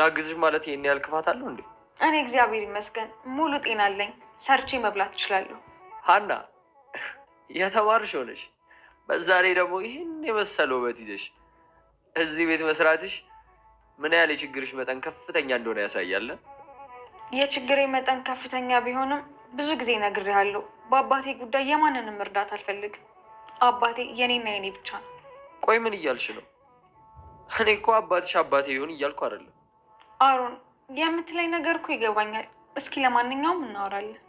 ላግዝሽ ማለት ይሄን ያህል ክፋት አለው እንዴ? እኔ እግዚአብሔር ይመስገን ሙሉ ጤና አለኝ። ሰርቼ መብላት እችላለሁ። ሀና የተማርሽ ሆነሽ በዛሬ ደግሞ ይህን የመሰለ ውበት ይዘሽ እዚህ ቤት መስራትሽ ምን ያህል የችግርሽ መጠን ከፍተኛ እንደሆነ ያሳያል። የችግሬ መጠን ከፍተኛ ቢሆንም ብዙ ጊዜ ነግሬሃለሁ፣ በአባቴ ጉዳይ የማንንም እርዳታ አልፈልግም። አባቴ የኔና የኔ ብቻ ነው። ቆይ ምን እያልሽ ነው? እኔ እኮ አባትሽ አባቴ ይሁን እያልኩ አይደለም አሮን የምትለኝ ነገር እኮ ይገባኛል። እስኪ ለማንኛውም እናወራለን።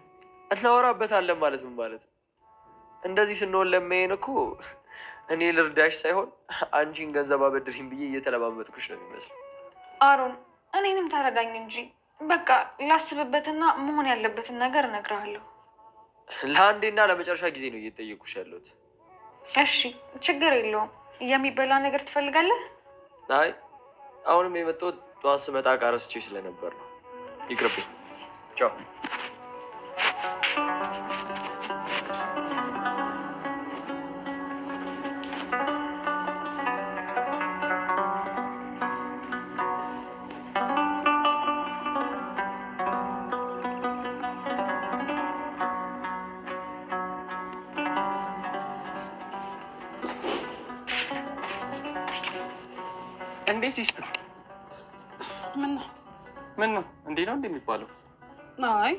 እናወራበታለን ማለት ምን ማለት ነው? እንደዚህ ስንሆን ለመሄን እኮ እኔ ልርዳሽ ሳይሆን አንቺን ገንዘብ አበድሪኝ ብዬ እየተለማመጥኩሽ ነው የሚመስለው። አሮን እኔንም ተረዳኝ እንጂ በቃ ላስብበትና መሆን ያለበትን ነገር እነግርሃለሁ። ለአንዴና ለመጨረሻ ጊዜ ነው እየጠየቁሽ ያለሁት። እሺ ችግር የለውም። የሚበላ ነገር ትፈልጋለህ? አይ አሁንም የመጣሁት ጠዋት ስመጣ ዕቃ ረስቼ ስለነበር ነው። ይቅርብኝ። ቻው። እንዴት ሲስቱ ምን ነው ምን ነው እንዴ ነው እንዴ አይ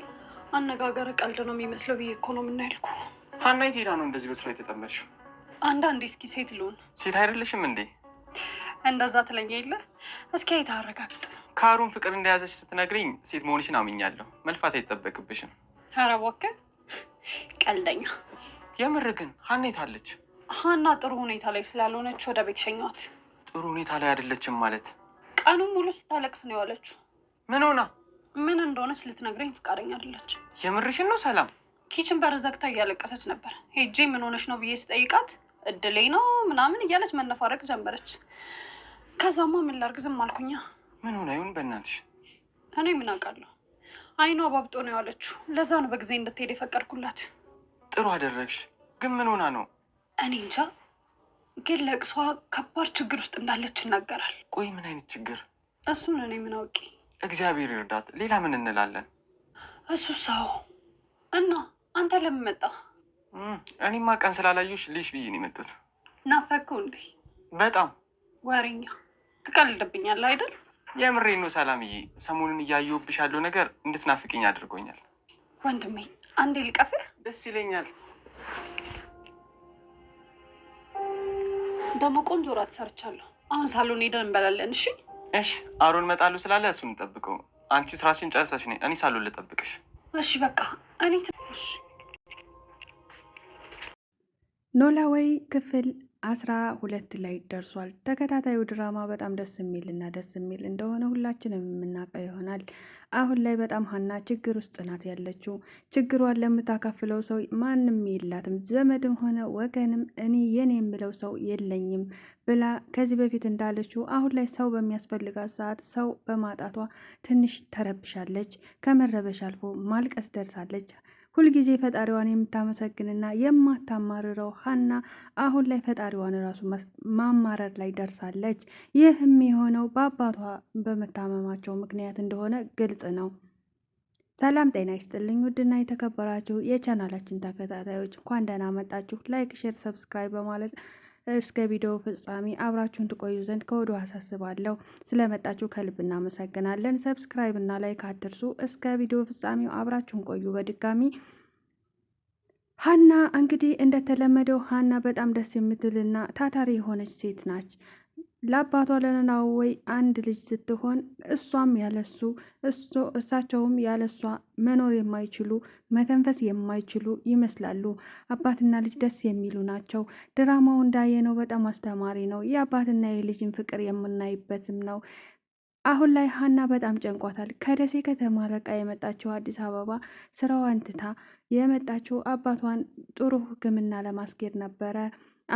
አነጋገር ቀልድ ነው የሚመስለው ብዬ እኮ ነው የምናልኩ። ሀና የት ሄዳ ነው እንደዚህ በስራ የተጠመድሽው? አንዳንዴ እስኪ ሴት ልሆን ሴት አይደለሽም እንዴ? እንደዛ ትለኛ የለ እስኪ አይታ አረጋግጥ። ካሩን ፍቅር እንደያዘች ስትነግሪኝ ሴት መሆንሽን አምኛለሁ። መልፋት አይጠበቅብሽም። ኧረ እባክህ ቀልደኛ። የምር ግን ሀና የት አለች? ሀና ጥሩ ሁኔታ ላይ ስላልሆነች ወደ ቤት ሸኘኋት። ጥሩ ሁኔታ ላይ አይደለችም ማለት ቀኑን ሙሉ ስታለቅስ ነው የዋለችው። ምን ሆና ምን እንደሆነች ልትነግረኝ ፍቃደኛ አይደለች። የምርሽን ነው ሰላም? ኪችን በር ዘግታ እያለቀሰች ነበር። ሄጄ ምን ሆነች ነው ብዬ ስጠይቃት እድሌ ነው ምናምን እያለች መነፋረቅ ጀመረች። ከዛማ ምን ላርግ ዝም አልኩኛ። ምን ሆነ ይሁን በእናትሽ? እኔ ምን አውቃለሁ። አይኗ ባብጦ ነው የዋለችው። ለዛ ነው በጊዜ እንድትሄድ የፈቀድኩላት። ጥሩ አደረግሽ። ግን ምን ሆና ነው? እኔ እንጃ ግን ለቅሷ ከባድ ችግር ውስጥ እንዳለች ይናገራል። ቆይ ምን አይነት ችግር? እሱን እኔ ምን እግዚአብሔር ይርዳት። ሌላ ምን እንላለን? እሱ ሰው እና አንተ ለምን መጣ? እኔማ ቀን ስላላዩሽ ልሽ ብዬ ነው የመጡት። ናፈኩ እንዴ? በጣም ወሬኛ። ትቀልድብኛለህ አይደል? የምሬኖ ነው ሰላምዬ። ሰሞኑን እያየሁብሽ ያለው ነገር እንድትናፍቅኝ አድርጎኛል። ወንድሜ አንዴ ልቀፍህ? ደስ ይለኛል። ደግሞ ቆንጆ ራት ሰርቻለሁ። አሁን ሳሎን ሄደን እንበላለን። እሺ እሺ። አሮን እመጣለሁ ስላለ እሱን እንጠብቀው። አንቺ ስራሽን ጨርሰሽ ነይ፣ እኔ ሳሎን ልጠብቅሽ። እሺ በቃ እኔ ኖላዊ ክፍል አስራ ሁለት ላይ ደርሷል። ተከታታዩ ድራማ በጣም ደስ የሚል እና ደስ የሚል እንደሆነ ሁላችንም የምናውቀው ይሆናል። አሁን ላይ በጣም ሀና ችግር ውስጥ ናት ያለችው። ችግሯን ለምታካፍለው ሰው ማንም የላትም፣ ዘመድም ሆነ ወገንም እኔ የኔ የምለው ሰው የለኝም ብላ ከዚህ በፊት እንዳለችው አሁን ላይ ሰው በሚያስፈልጋት ሰዓት ሰው በማጣቷ ትንሽ ተረብሻለች። ከመረበሽ አልፎ ማልቀስ ደርሳለች። ሁልጊዜ ፈጣሪዋን የምታመሰግንና የማታማርረው ሀና አሁን ላይ ፈጣሪዋን ራሱ ማማረር ላይ ደርሳለች። ይህም የሆነው በአባቷ በመታመማቸው ምክንያት እንደሆነ ግልጽ ነው። ሰላም ጤና ይስጥልኝ። ውድና የተከበራችሁ የቻናላችን ተከታታዮች እንኳን ደህና መጣችሁ። ላይክ፣ ሼር፣ ሰብስክራይብ በማለት እስከ ቪዲዮ ፍጻሜ አብራችሁን ትቆዩ ዘንድ ከወዲሁ አሳስባለሁ። ስለመጣችሁ ከልብ እናመሰግናለን። ሰብስክራይብ እና ላይክ አድርሱ። እስከ ቪዲዮ ፍጻሜው አብራችሁን ቆዩ። በድጋሚ ሀና እንግዲህ እንደተለመደው ሀና በጣም ደስ የምትልና ታታሪ የሆነች ሴት ናች። ለአባቷ ወይ አንድ ልጅ ስትሆን እሷም ያለሱ እሳቸውም ያለሷ መኖር የማይችሉ መተንፈስ የማይችሉ ይመስላሉ። አባትና ልጅ ደስ የሚሉ ናቸው። ድራማው እንዳየነው በጣም አስተማሪ ነው። የአባትና የልጅን ፍቅር የምናይበትም ነው። አሁን ላይ ሀና በጣም ጨንቋታል። ከደሴ ከተማ ርቃ የመጣችው አዲስ አበባ ስራዋን ትታ የመጣችው አባቷን ጥሩ ሕክምና ለማስኬድ ነበረ።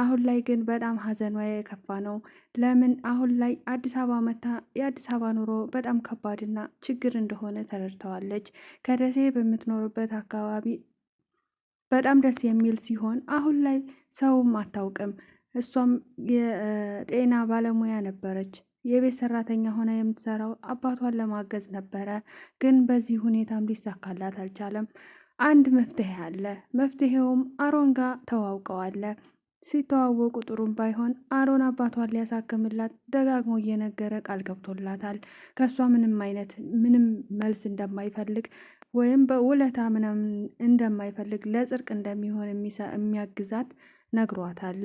አሁን ላይ ግን በጣም ሀዘን ሀዘኗ የከፋ ነው። ለምን አሁን ላይ አዲስ አበባ መታ የአዲስ አበባ ኑሮ በጣም ከባድና ችግር እንደሆነ ተረድተዋለች። ከደሴ በምትኖርበት አካባቢ በጣም ደስ የሚል ሲሆን አሁን ላይ ሰውም አታውቅም። እሷም የጤና ባለሙያ ነበረች። የቤት ሰራተኛ ሆነ የምትሰራው አባቷን ለማገዝ ነበረ። ግን በዚህ ሁኔታም ሊሳካላት አልቻለም። አንድ መፍትሄ አለ። መፍትሄውም አሮን ጋር ተዋውቀዋለ። ሲተዋወቁ ጥሩም ባይሆን አሮን አባቷን ሊያሳክምላት ደጋግሞ እየነገረ ቃል ገብቶላታል። ከእሷ ምንም አይነት ምንም መልስ እንደማይፈልግ ወይም በውለታ ምናምን እንደማይፈልግ ለጽድቅ እንደሚሆን የሚያግዛት ነግሯታል።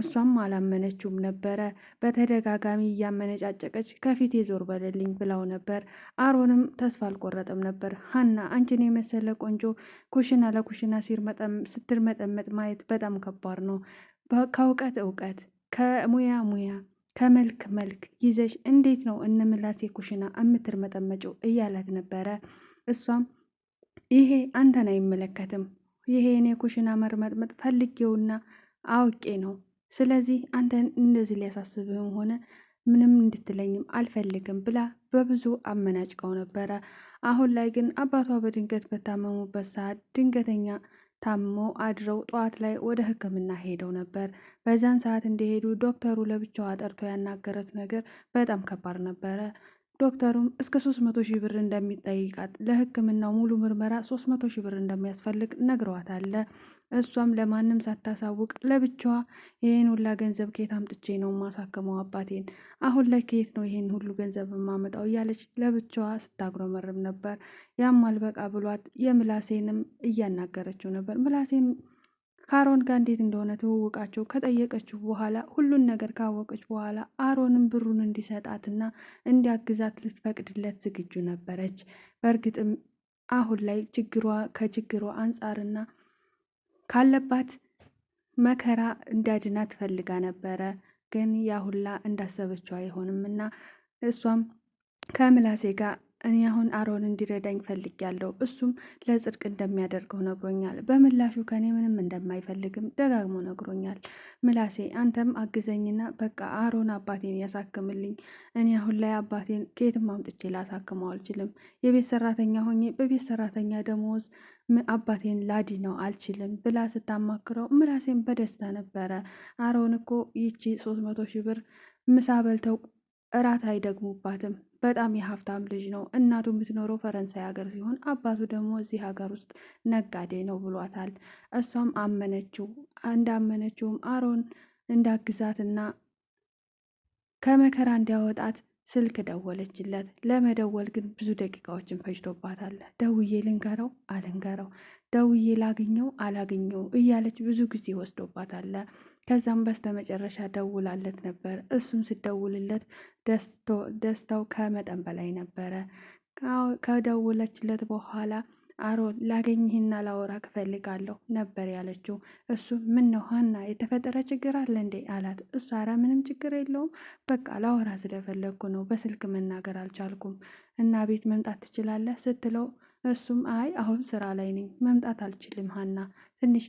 እሷም አላመነችውም ነበረ። በተደጋጋሚ እያመነጫጨቀች ከፊት የዞር በልልኝ ብላው ነበር። አሮንም ተስፋ አልቆረጠም ነበር። ሀና አንቺን የመሰለ ቆንጆ ኩሽና ለኩሽና ስትር መጠመጥ ማየት በጣም ከባድ ነው። ከእውቀት እውቀት፣ ከሙያ ሙያ፣ ከመልክ መልክ ይዘሽ እንዴት ነው እነምላሴ ኩሽና እምትር መጠመጭው እያላት ነበረ። እሷም ይሄ አንተን አይመለከትም። ይሄ እኔ ኩሽና መርመጥመጥ ፈልጌውና አውቄ ነው ስለዚህ አንተን እንደዚህ ሊያሳስብህም ሆነ ምንም እንድትለኝም አልፈልግም ብላ በብዙ አመናጭቀው ነበረ። አሁን ላይ ግን አባቷ በድንገት በታመሙበት ሰዓት ድንገተኛ ታሞ አድረው ጠዋት ላይ ወደ ሕክምና ሄደው ነበር። በዚያን ሰዓት እንደሄዱ ዶክተሩ ለብቻዋ ጠርቶ ያናገረት ነገር በጣም ከባድ ነበረ። ዶክተሩም እስከ 300 ሺህ ብር እንደሚጠይቃት ለሕክምናው ሙሉ ምርመራ 300 ሺህ ብር እንደሚያስፈልግ አለ። እሷም ለማንም ሳታሳውቅ ለብቻዋ ይህን ሁላ ገንዘብ ከየት አምጥቼ ነው ማሳከመው አባቴን? አሁን ላይ ከየት ነው ይህን ሁሉ ገንዘብ የማመጣው? እያለች ለብቻዋ ስታጉረመርም ነበር። ያም አልበቃ ብሏት የምላሴንም እያናገረችው ነበር። ምላሴን ከአሮን ጋር እንዴት እንደሆነ ትውውቃቸው ከጠየቀችው በኋላ ሁሉን ነገር ካወቀች በኋላ አሮንም ብሩን እንዲሰጣትና እንዲያግዛት ልትፈቅድለት ዝግጁ ነበረች። በእርግጥም አሁን ላይ ችግሯ ከችግሯ አንጻርና ካለባት መከራ እንዳድና ትፈልጋ ነበረ። ግን ያ ሁላ እንዳሰበችው አይሆንም እና እሷም ከምላሴ ጋር እኔ አሁን አሮን እንዲረዳኝ ያለው እሱም ለጽድቅ እንደሚያደርገው ነግሮኛል። በምላሹ ከኔ ምንም እንደማይፈልግም ደጋግሞ ነግሮኛል። ምላሴ አንተም አግዘኝና በቃ አሮን አባቴን ያሳክምልኝ። እኔ አሁን ላይ አባቴን ከየትም አምጥቼ ላሳክመው አልችልም። የቤት ሰራተኛ ሆኜ በቤት ሰራተኛ ደሞዝ አባቴን ነው አልችልም ብላ ስታማክረው ምላሴን በደስታ ነበረ። አሮን እኮ ይቺ ሶስት መቶ ሺህ ብር ምሳ በልተው እራት አይደግሙባትም በጣም የሀብታም ልጅ ነው። እናቱ የምትኖረው ፈረንሳይ ሀገር ሲሆን አባቱ ደግሞ እዚህ ሀገር ውስጥ ነጋዴ ነው ብሏታል። እሷም አመነችው። እንዳመነችውም አሮን እንዳግዛትና ከመከራ እንዲያወጣት ስልክ ደወለችለት። ለመደወል ግን ብዙ ደቂቃዎችን ፈጅቶባታል። ደውዬ ልንገረው አልንገረው ደውዬ ላገኘው አላገኘው እያለች ብዙ ጊዜ ወስዶባታል። ከዛም በስተመጨረሻ ደውላለት ነበር። እሱም ስደውልለት ደስታው ከመጠን በላይ ነበረ። ከደውለችለት በኋላ አሮን ላገኝህና ላወራ ክፈልጋለሁ ነበር ያለችው። እሱ ምን ነው ሀና የተፈጠረ ችግር አለ እንዴ አላት። እሱ አረ ምንም ችግር የለውም በቃ ላወራ ስለፈለግኩ ነው፣ በስልክ መናገር አልቻልኩም እና ቤት መምጣት ትችላለህ ስትለው እሱም አይ አሁን ስራ ላይ ነኝ መምጣት አልችልም ሀና ትንሽ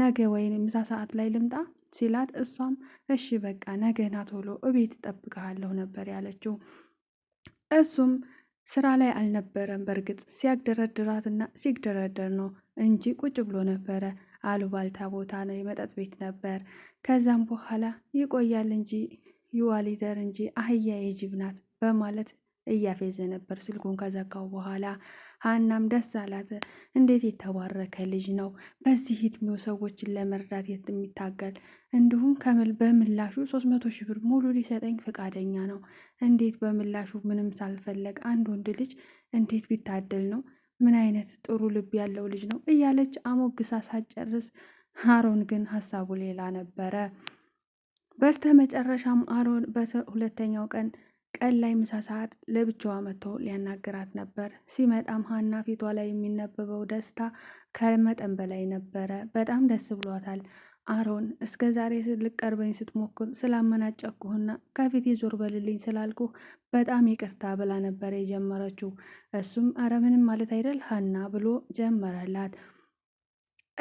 ነገ ወይም ምሳ ሰዓት ላይ ልምጣ ሲላት እሷም እሺ በቃ ነገ ና ቶሎ እቤት እጠብቅሃለሁ ነበር ያለችው። እሱም ስራ ላይ አልነበረም። በእርግጥ ሲያግደረድራትና ሲግደረደር ነው እንጂ ቁጭ ብሎ ነበረ። አሉባልታ ቦታ ነው፣ የመጠጥ ቤት ነበር። ከዛም በኋላ ይቆያል እንጂ ይዋል ይደር እንጂ አህያ የጅብ ናት በማለት እያፌዘ ነበር። ስልኩን ከዘጋው በኋላ ሀናም ደስ አላት። እንዴት የተባረከ ልጅ ነው! በዚህ እድሜው ሰዎችን ለመርዳት የሚታገል እንዲሁም በምላሹ ሶስት መቶ ሺህ ብር ሙሉ ሊሰጠኝ ፈቃደኛ ነው። እንዴት በምላሹ ምንም ሳልፈለግ አንድ ወንድ ልጅ እንዴት ቢታደል ነው! ምን አይነት ጥሩ ልብ ያለው ልጅ ነው! እያለች አሞግሳ ሳጨርስ አሮን ግን ሀሳቡ ሌላ ነበረ። በስተመጨረሻም አሮን በሁለተኛው ቀን ቀን ላይ ምሳ ሰዓት ለብቻዋ መጥቶ ሊያናግራት ነበር። ሲመጣም ሀና ፊቷ ላይ የሚነበበው ደስታ ከመጠን በላይ ነበረ። በጣም ደስ ብሏታል። አሮን እስከ ዛሬ ልቀርበኝ ስትሞክር ስላመናጨኩህና ከፊት ዞር በልልኝ ስላልኩ በጣም ይቅርታ ብላ ነበር የጀመረችው። እሱም አረ ምንም ማለት አይደል ሀና ብሎ ጀመረላት።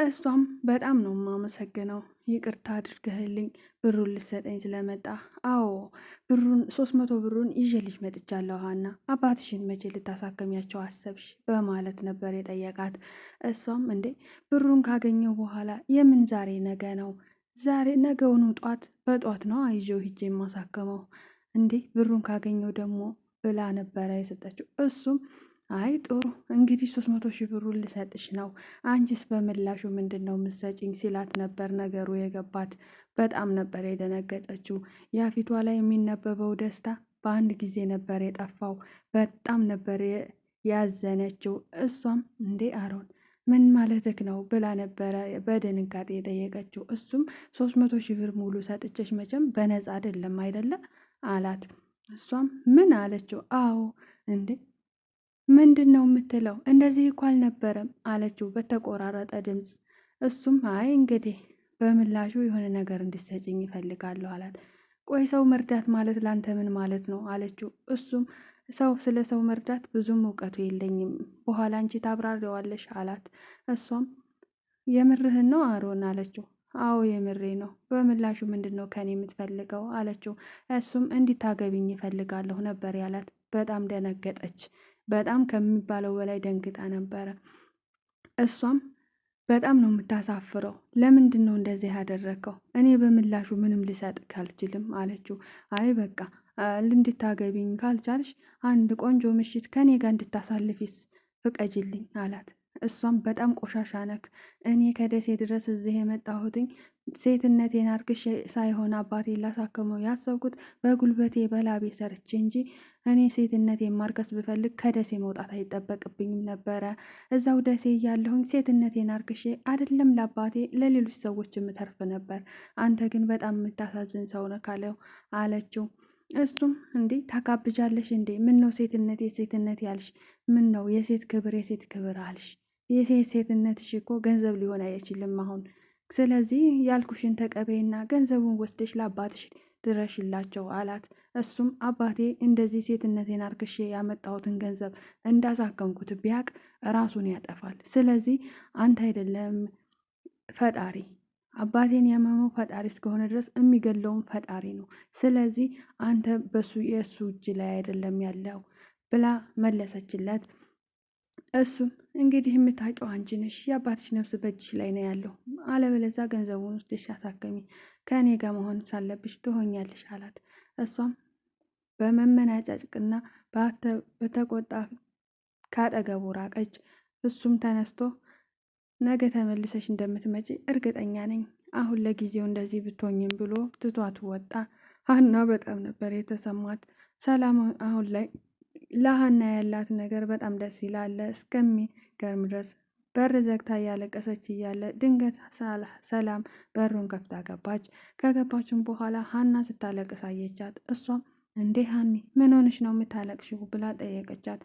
እሷም በጣም ነው የማመሰግነው፣ ይቅርታ አድርገህልኝ ብሩን ልሰጠኝ ስለመጣ። አዎ ብሩን ሶስት መቶ ብሩን ልጅ መጥቻለሁ ሀና፣ አባትሽን መቼ ልታሳከሚያቸው አሰብሽ? በማለት ነበር የጠየቃት። እሷም እንዴ ብሩን ካገኘው በኋላ የምን ዛሬ ነገ ነው ዛሬ ነገውኑ ጧት በጧት ነው ይዤው ሂጄ የማሳከመው። እንዴ ብሩን ካገኘው ደግሞ ብላ ነበረ የሰጠችው እሱም አይ ጥሩ እንግዲህ ሶስት መቶ ሺህ ብሩ ልሰጥሽ ነው፣ አንቺስ በምላሹ ምንድን ነው ምሰጭኝ ሲላት ነበር ነገሩ የገባት። በጣም ነበር የደነገጠችው። ያፊቷ ላይ የሚነበበው ደስታ በአንድ ጊዜ ነበር የጠፋው። በጣም ነበር ያዘነችው። እሷም እንዴ አሮን ምን ማለትክ ነው ብላ ነበረ በድንጋጤ የጠየቀችው። እሱም ሶስት መቶ ሺህ ብር ሙሉ ሰጥቼሽ መቼም በነፃ አይደለም አይደለ አላት። እሷም ምን አለችው? አዎ እንዴ ምንድን ነው የምትለው? እንደዚህ እኮ አልነበረም አለችው በተቆራረጠ ድምፅ። እሱም አይ እንግዲህ በምላሹ የሆነ ነገር እንድሰጭኝ ይፈልጋለሁ አላት። ቆይ ሰው መርዳት ማለት ላንተ ምን ማለት ነው አለችው። እሱም ሰው ስለ ሰው መርዳት ብዙም እውቀቱ የለኝም፣ በኋላ አንቺ ታብራሪዋለሽ አላት። እሷም የምርህን ነው አሮን አለችው። አዎ የምሬ ነው። በምላሹ ምንድን ነው ከኔ የምትፈልገው አለችው። እሱም እንዲታገቢኝ ይፈልጋለሁ ነበር ያላት። በጣም ደነገጠች። በጣም ከሚባለው በላይ ደንግጣ ነበረ። እሷም በጣም ነው የምታሳፍረው። ለምንድን ነው እንደዚህ ያደረግከው? እኔ በምላሹ ምንም ልሰጥ ካልችልም አለችው። አይ በቃ እንድታገቢኝ ካልቻልሽ አንድ ቆንጆ ምሽት ከኔ ጋር እንድታሳልፊስ ፍቀጅልኝ አላት። እሷም በጣም ቆሻሻ ነክ እኔ ከደሴ ድረስ እዚህ የመጣሁትኝ ሴትነቴን አርክሼ ሳይሆን አባቴ ላሳከመው ያሰብኩት በጉልበቴ በላቤ ሰርቼ እንጂ እኔ ሴትነቴን ማርከስ ብፈልግ ከደሴ መውጣት አይጠበቅብኝም ነበረ። እዛው ደሴ እያለሁኝ ሴትነቴን አርክሼ አይደለም ለአባቴ ለሌሎች ሰዎች የምተርፍ ነበር። አንተ ግን በጣም የምታሳዝን ሰው ነህ ካለው አለችው። እሱም እንዴ ታካብጃለሽ እንዴ? ምን ነው ሴትነቴ ሴትነቴ አልሽ? ምን ነው የሴት ክብር የሴት ክብር አልሽ? የሴት ሴትነትሽ እኮ ገንዘብ ሊሆን አይችልም አሁን። ስለዚህ ያልኩሽን ተቀበይና ገንዘቡን ወስደሽ ለአባትሽ ድረሽላቸው አላት። እሱም አባቴ እንደዚህ ሴትነቴን አርክሼ ያመጣሁትን ገንዘብ እንዳሳከምኩት ቢያቅ ራሱን ያጠፋል። ስለዚህ አንተ አይደለም ፈጣሪ አባቴን ያመመው ፈጣሪ እስከሆነ ድረስ የሚገለውን ፈጣሪ ነው። ስለዚህ አንተ በሱ የእሱ እጅ ላይ አይደለም ያለው ብላ መለሰችለት። እሱም እንግዲህ የምታውቂው አንቺ ነሽ፣ የአባትሽ ነፍስ በእጅሽ ላይ ነው ያለው። አለበለዛ ገንዘቡን ወስደሽ አሳከሚ፣ ከእኔ ጋር መሆን ሳለብሽ ትሆኛለሽ አላት። እሷም በመመናጫጭቅና በተቆጣ ካጠገቡ ራቀች። እሱም ተነስቶ ነገ ተመልሰሽ እንደምትመጪ እርግጠኛ ነኝ፣ አሁን ለጊዜው እንደዚህ ብትሆኝም ብሎ ትቷት ወጣ። ሀና በጣም ነበር የተሰማት ሰላም አሁን ላይ ለሀና ያላት ነገር በጣም ደስ ይላል እስከሚገርም ድረስ። በር ዘግታ እያለቀሰች እያለ ድንገት ሰላም በሩን ከፍታ ገባች። ከገባችን በኋላ ሀና ስታለቅስ አየቻት። እሷም እንዴ ሀኒ ምን ሆነሽ ነው የምታለቅሽው ብላ ጠየቀቻት።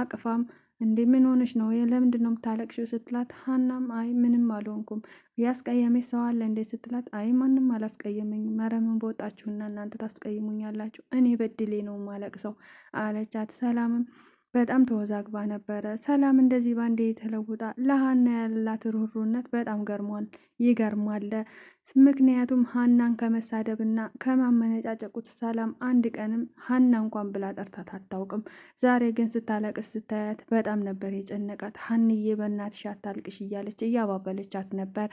አቅፋም እንዴ ምን ሆነሽ ነው? ለምንድን ነው የምታለቅሽው? ስትላት ሀናም አይ ምንም አልሆንኩም። ያስቀየመሽ ሰው አለ እንዴ? ስትላት አይ ማንም አላስቀየመኝም። ኧረ ምን በወጣችሁና እናንተ ታስቀይሙኛላችሁ። እኔ በድሌ ነው ማለቅ ሰው አለቻት። ሰላምም በጣም ተወዛግባ ነበረ። ሰላም እንደዚህ ባንዴ ተለውጣ ለሀና ያላት ሩሩነት በጣም ገርሟል ይገርማል። ምክንያቱም ሀናን ከመሳደብና ከማመነጫጨቁት ሰላም አንድ ቀንም ሀና እንኳን ብላ ጠርታት አታውቅም። ዛሬ ግን ስታለቅስ ስታያት በጣም ነበር የጨነቃት። ሀንዬ በእናትሽ አታልቅሽ እያለች እያባበለቻት ነበር።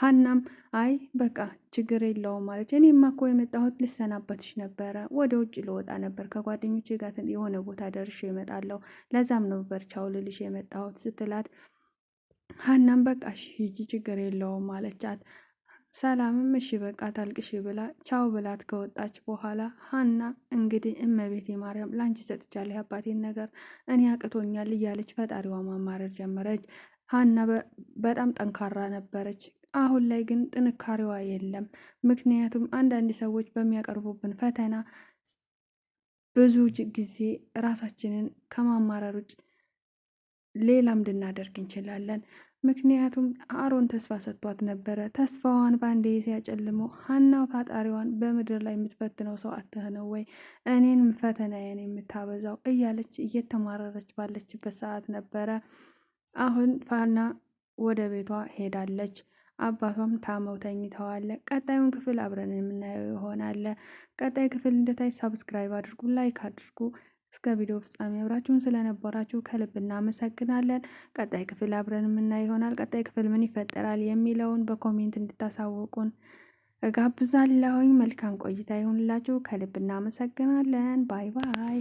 ሀናም አይ በቃ ችግር የለውም ማለች። እኔማ እኮ የመጣሁት ልሰናበትሽ ነበረ፣ ወደ ውጭ ልወጣ ነበር፣ ከጓደኞች ጋር የሆነ ቦታ ደርሼ እመጣለሁ፣ ለዛም ነበር ቻው ልልሽ የመጣሁት ስትላት፣ ሀናም በቃ እሺ ሂጂ ችግር የለውም ማለቻት። ሰላምም እሺ በቃ ታልቅሽ ብላ ቻው ብላት ከወጣች በኋላ ሀና እንግዲህ እመቤቴ ማርያም ላንቺ ሰጥቻለሁ ያባቴን ነገር እኔ አቅቶኛል እያለች ፈጣሪዋ ማማረር ጀመረች። ሀና በጣም ጠንካራ ነበረች። አሁን ላይ ግን ጥንካሬዋ የለም። ምክንያቱም አንዳንድ ሰዎች በሚያቀርቡብን ፈተና ብዙ ጊዜ ራሳችንን ከማማረር ውጭ ሌላም እንድናደርግ እንችላለን። ምክንያቱም አሮን ተስፋ ሰጥቷት ነበረ። ተስፋዋን በአንዴ ሲያጨልመው ሀና ፈጣሪዋን በምድር ላይ የምትፈትነው ሰው አትህ ነው ወይ እኔን ፈተናዬን የምታበዛው እያለች እየተማረረች ባለችበት ሰዓት ነበረ አሁን ፋና ወደ ቤቷ ሄዳለች። አባቷም ታመው ተኝተዋል። ቀጣዩን ክፍል አብረን የምናየው ይሆናል። ቀጣይ ክፍል እንደታይ ሳብስክራይብ አድርጉ፣ ላይክ አድርጉ። እስከ ቪዲዮ ፍጻሜ አብራችሁን ስለነበራችሁ ከልብ እናመሰግናለን። ቀጣይ ክፍል አብረን የምናየው ይሆናል። ቀጣይ ክፍል ምን ይፈጠራል የሚለውን በኮሜንት እንድታሳውቁን እጋብዛለሁኝ። መልካም ቆይታ ይሁንላችሁ። ከልብ እናመሰግናለን። ባይ ባይ